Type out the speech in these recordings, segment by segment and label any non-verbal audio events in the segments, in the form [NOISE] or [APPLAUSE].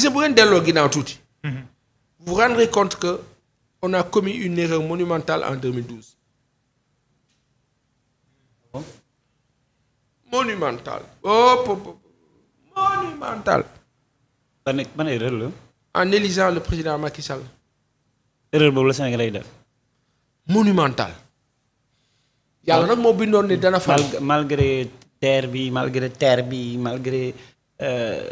gis bu ngeen delloo ginnaaw tuuti. Mhm. vous vous compte que on a commis une erreur monumentale en monumentale. oh po monumentale. ban ban en élisant le président Macky Sall. erreur boobu la Sénégal ay def. monumentale. yàlla nag moo bindoon ni dana. fal malgré terre bi malgré terre bi malgré. Euh,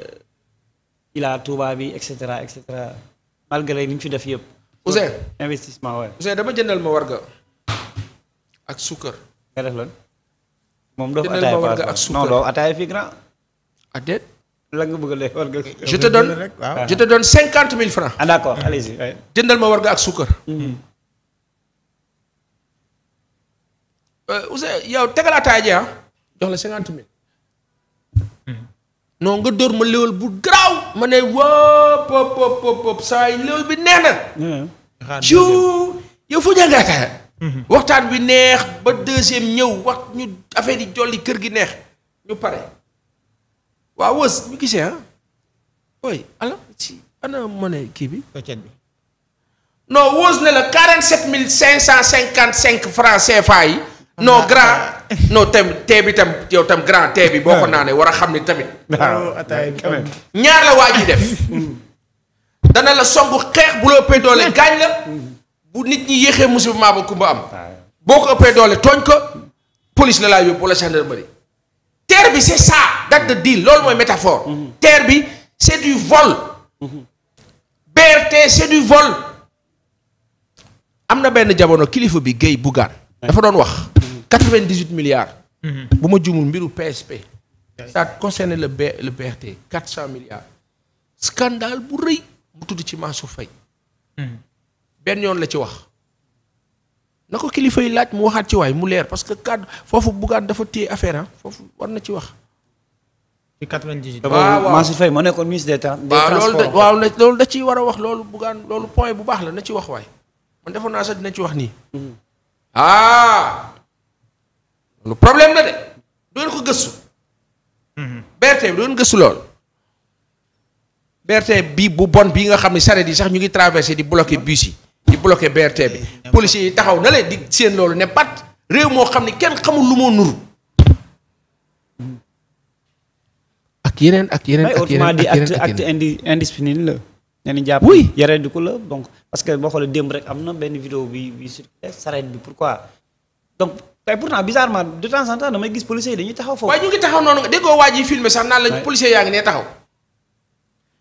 Ila Touba bi et cetera et cetera malgré li ñu fi def yëpp. Ousseyn investissement waaye. Ousseyn dama jëndal ma warga ak suukar. nga def lan moom doo fa ataaya jëndal ma warga ak suukar fii grand. ah la nga bëgg lay warga. je te donne cinquante mille francs. ah jëndal ma warga ak suukar. Mhm. Euh, Ousseyn yow tegal ataaya ji ah jox la cinquante mille. Mhm. non nga dóor ma léwal bu graaw ma ne wóop wóop wóop saa yi léwal bi neex na. jiw yow foo jàngaataaya. Mhm. waxtaan bi neex ba deuxième ñëw wax ñu affaire yi jolli kër gi neex ñu pare. waaw wës ñu gisee ah. ooy ala ci ana ma ne kii bi. non wës ne la quarante sept mille cinq cent cinquante cinq francs CFA yi. non ah, grand ah. non tam bi tam yow tam grand tee bi boo ko ah. naanee war a xam ne tamit. Oh, ñaar la waa def. [LAUGHS] dana la songu xeex bu la ëppee doole gaañ la. bu nit ñi yéexee musiba maa ba kumba am. boo ko ëppee doole tooñ ko. police la laa yóbbu wala gendarmerie. terre bi c'est ça date de loolu mooy métaphore. Mm-hmm. terre bi c'est du vol. Mm-hmm. BRT c'est du vol. am na benn jamono kilifa bi Guèye Bougane dafa doon wax. 98 milliards. Mhm. bu ma jumul mbiru PSP. ça concerne le B le BRT 400 milliards. scandale bu rëy mu tudd ci Mansour Faye. Mhm. benn yoon la ci wax. na ko kilifa laaj mu waxaat ci waay mu leer parce que cadre foofu Bougane dafa téye affaire ah, foofu war na ci wax. ci 98. Ah, waaw waaw Mansour Faye moo nekkoon ministre des waaw loolu da loolu ciy war a wax loolu Bougane loolu point bu baax la na ci wax waay man defoon naa sax dina ci wax nii. Mhm. Ah! lu problème na de doon ko gëstu. Mhm. BRT bi doon gëstu lool. BRT bi bu bon bii nga xam ne sareet yi sax ñu ngi traversé di bloqué bus yi di bloqué BRT bi. policiers yi taxaw na leen di seen loolu ne pat réew moo xam ne kenn xamul lu moo nuru. ak yeneen ak yeneen ak yeneen ak yeneen ak acte indi indiscipline la. neen jàpp yeneen yaree di ko la donc parce que boo xoolee démb rek am na benn vidéo bi bi circulé sareet bi pourquoi donc. tey pourtant bizarrement de temps en temps damay gis policiers yi dañuy taxaw foofu. waaye ñu ngi taxaw noonu déggoo waa ji filmé sax naan la policiers yaa ngi nee taxaw.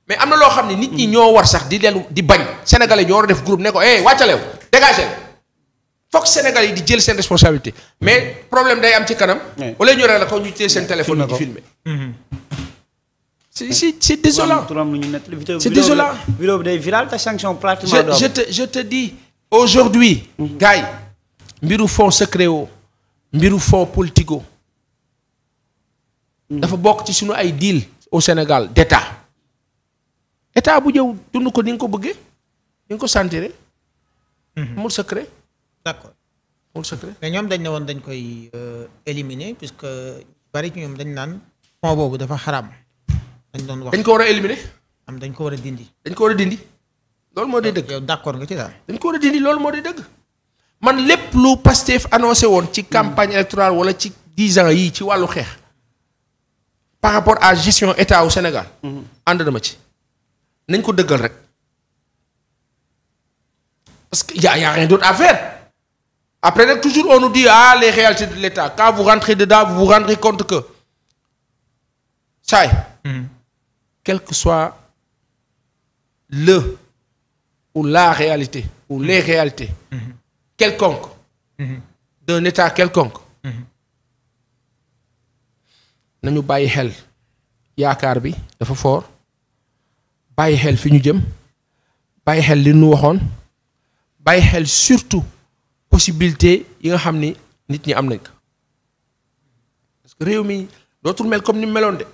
mais am na loo xam ne nit ñi hmm. ñoo war sax di dellu di bañ sénégalais ñoo war def groupe ne ko eh wàccalew dégagé foog sénégalais yi di jël seen responsabilité mais problème day am ci kanam. wala ñu rek la ko ñu téye seen téléphone. di filmer hmm. c'est c'est c'est désolant. c'est désolant. vidéo bi day viral te sanction pratiquement. je je te je aujourd'hui hmm. mbiru fond secret woo. mbiru fonds politico dafa bokk ci suñu ay deal au Sénégal d'état état bu jëw dund ko ni ko bëggee ni ko sentiré mhm. amul secret d'accord amul secret mais ñoom dañ ne woon dañ koy euh, éliminer puisque bari ci ñoom dañ naan fonds boobu dafa xaram dañ doon wax dañ ko war a éliminer am dañ ko war a dindi dañ ko war a dindi loolu moo di dëgg yow d'accord nga ci daal dañ ko war a dindi loolu moo di dëgg man lépp lu Pastef annoncé woon ci campagne électorale wala ci dix ans yii ci wàllu xeex par rapport à gestion état wu Sénégal. ànd ma ci nañ ko dëggal rek parce que y a y a rien d'autre à après nag toujours on nous dit ah les réalités de l'État quand vous rentrez dedans vous vous rendrez compte que saay mm. quel que soit le ou la réalité ou les mm-hmm. réalités. Mm-hmm. quelconque. Mm-hmm. d'un état quelconque. Mm-hmm. nañu bàyyi xel yaakaar bi dafa fort bàyyi xel fi ñu jëm bàyyi xel li ñu waxoon bàyyi xel surtout possibilité yi nga xam ni nit ñi am nañ ko parce que réew mi lootul mel comme ni meloon de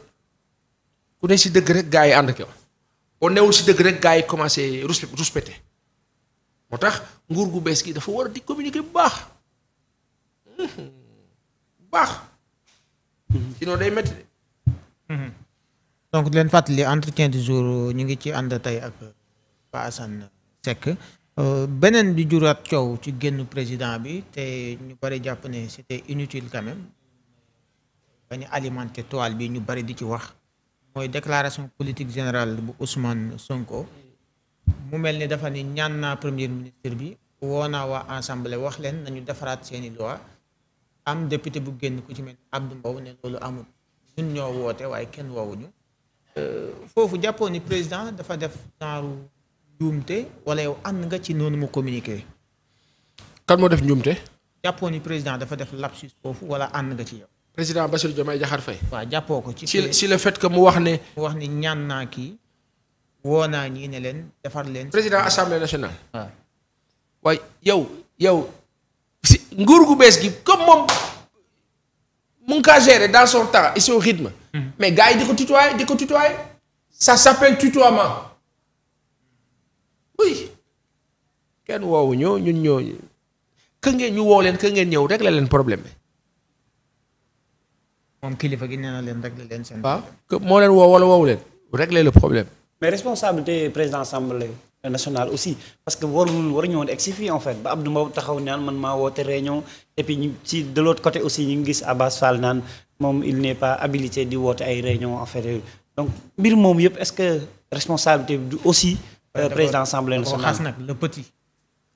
ku ne si dëgg rek gaa yi ànd ak boo newul si dëgg rek gaa yi commencé ruspété moo tax nguur gu bees gi dafa war a di communiquer bu baax bu hmm. baax. sinon day métti de. Hmm. donc di leen fàttali entretien du jour ñu ngi ci ànd tey ak Pa Assane Seck euh, beneen bi juraat coow ci génn président bi te ñu bari jàpp ne c'était inutile quand même bañu alimenter toile bi ñu bari di ci wax mooy déclaration politique générale bu Ousmane Sonko. mu mel ni dafa ni ñaan naa premier ministre bi woo naa waa assemblée wax leen nañu defaraat seeni loi am député bu génn ku ci mel ni Abdou Mbow ne loolu amul ñun ñoo woote waaye kenn woowuñu euh, foofu jàppoon ni président dafa def naaru njuumte wala yow ànd nga ci noonu mu communiqué. kan moo def njuumte. jàppoon ni président dafa def lapsus foofu wala ànd nga ci yow. président Bassirou Diomaye Diakhar Faye. waaw jàppoo ko ci. ci le fait mu wax ne. mu wax ni ñaan naa kii. woo naa ñii ne leen defar leen. président assemblée nationale. waaw ah. waaye yow yow si nguur gu bees gi comme moom mu ngi kaa gérer dans son temps et son rythme. Hmm. mais gars di ko tutoyer di ko tutoyer. ça s'appelle tutoiement. oui kenn woowu ñoo ñun ñoo que ngeen ñu woo leen kë ngeen ñëw rek la leen problème bi. moom kilifa gi nee na leen rek la leen seen. waaw ah. moo leen woo wala woowu leen régler le problème. mais responsabilité président assemblée nationale aussi parce que warul waruñu woon egg si fii en fait ba Abdou Mbow taxaw naan man maa woote réunion et puis ñu ci de aussi ñu ngi gis Abbas Fall naan moom il n'est pas habilité di woote ay réunion en fait donc mbir moom yëpp est-ce que responsabilité bi du aussi. Euh, président assemblée nationale xas nag le petit.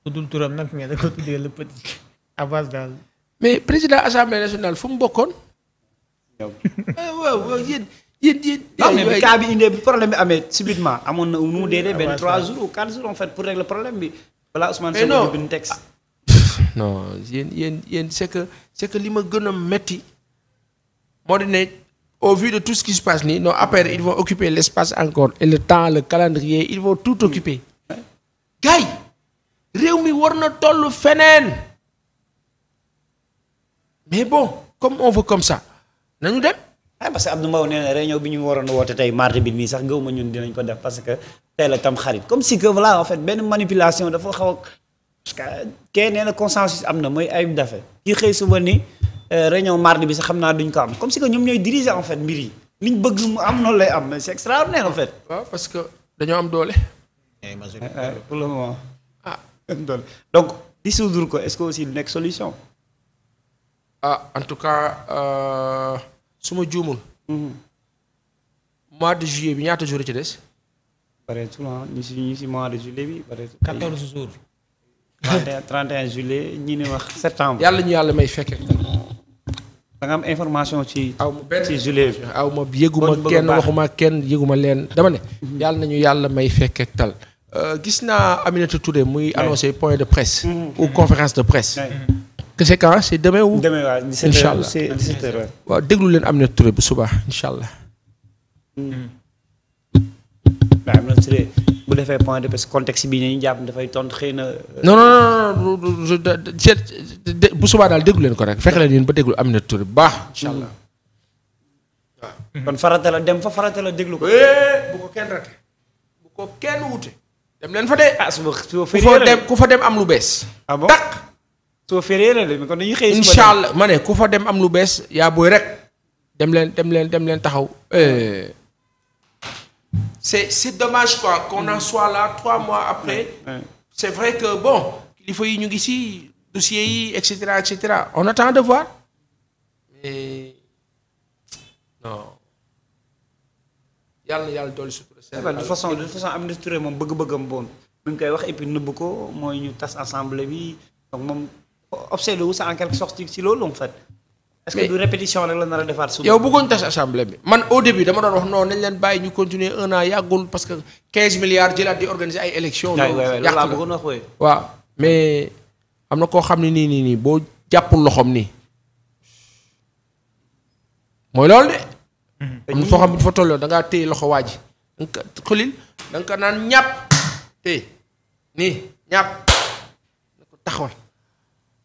tuddul turam nag mais le petit Abbas daal. mais président assemblée nationale fu mu bokkoon. [LAUGHS] yéen yéen. non mais bi indee problème bi amee subitement amoon na nu mu dee dee benn 3 jours ou 4 jours en fait pour régler problème bi. voilà Ousmane [LAUGHS] non yéen yéen yéen que c'est que li ma gën a metti moo di ne au vu de tout ce qui se passe nii non après ils vont occuper l'espace encore et le temps le calendrier ils vont tout occuper. gars yi réew mi war na toll feneen mais bon comme on veut comme ça nañu dem. ah parce que Abdou Mbow nee bi ñu waroon woote tey mardi bi nii sax gëw ñun dinañ ko def parce que tey la tam xarit comme si que voilà en fait benn manipulation dafa xaw a parce que kee nee na am na mooy Ayib Daffé kii xëy suba ni euh, réunion mardi bi sax xam naa duñ ko am comme si que ñoom ñooy diriger en fait mbir yi liñ bëgg mu am noonu lay am mais c'est extraordinaire en fait. waaw parce que dañoo am doole. Eh, eh, eh, pour le moment. ah donc dissoudre ko est-ce que aussi du nekk solution. Ah, en tout cas. Euh, su ma juumul. Mhm. mois de juillet bi ñaata jours ci des. pareetul ah ñu mois de juillet bi pareetul. juillet ñi ne wax septembre. yàlla ñu yàlla may fekke. da nga am information ci. aw ma benn juillet bi aw ma yëguma kenn waxuma kenn yëguma leen dama ne. Mhm. yàlla ñu yàlla may fekke tal. Euh, gis naa Aminata Touré muy annoncé point de presse. Mhm. ou conférence de presse. que c'est quand c'est demain ou. demain waaw 17h incha allah c'est 17 bu subaa incha allah. waaw hmm. Aminata bu defee point de parce que contexte bi ñu dafay tontu xëy na. Euh, non non non leen ko rek fexe leen yéen ba déglu Aminata Touré bu baax incha allah. Hmm. kon farata dem fa farata la déglu ko. Eh, bu ko kenn rate wute. dem leen fa dee. ah suba ku fa dem am lu bees. Ah soo feree la de kon xëy suba incha allah ma ku fa dem am lu bees yaa rek dem leen dem leen dem leen taxaw. Eh. c'est c'est dommage quoi qu'on en soit là trois mois après. c'est vrai que bon kilifa yi ñu ngi si dossiers yi et cetera et cetera on attend de voir. mais non. yàlla na yàlla dolli sutura Sénégal de façon moom bëgg-bëggam boon mi ngi koy wax et puis nëbb ko mooy ñu tas assemblée bi donc moom. obsédé wu sa en quelque sorte ci loolu en fait. est répétition rek la nar a defaat suba. yow bëggoon tas assemblée bi man au début dama doon wax non nañ leen bàyyi ñu continuer un an yàggul parce que 15 milliards jëlaat di organiser ay élections. loolu yàq bëggoon waaw mais am na koo xam ne nii nii nii boo jàppul loxoom nii mooy loolu de. Mm-hmm. foo xam ne fa tolloo da ngaa loxo waa ji. da nga ko xulil da ko naan ñàpp téye nii ñàpp taxawal.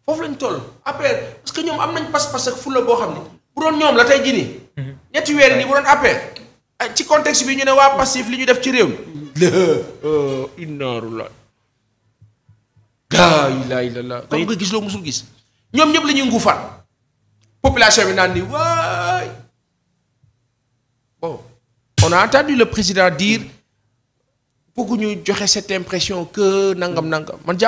foofu lañ toll APR parce ñoom am nañ pas-pas ak la boo xam ne bu doon ñoom la tey jii nii. ñetti weer nii bu doon APR. Ah, ci contexte bi ñu ne waa passif li ñu def ci réew mi. Euh, innaaru la. laa ilaaha illallaah. kon nga gis loo musul gis. ñoom ñëpp la ñuy nguufaan. population bi naan ni waay. bon on a entendu le président dire bëgguñu joxe cette impression que nangam nangam man.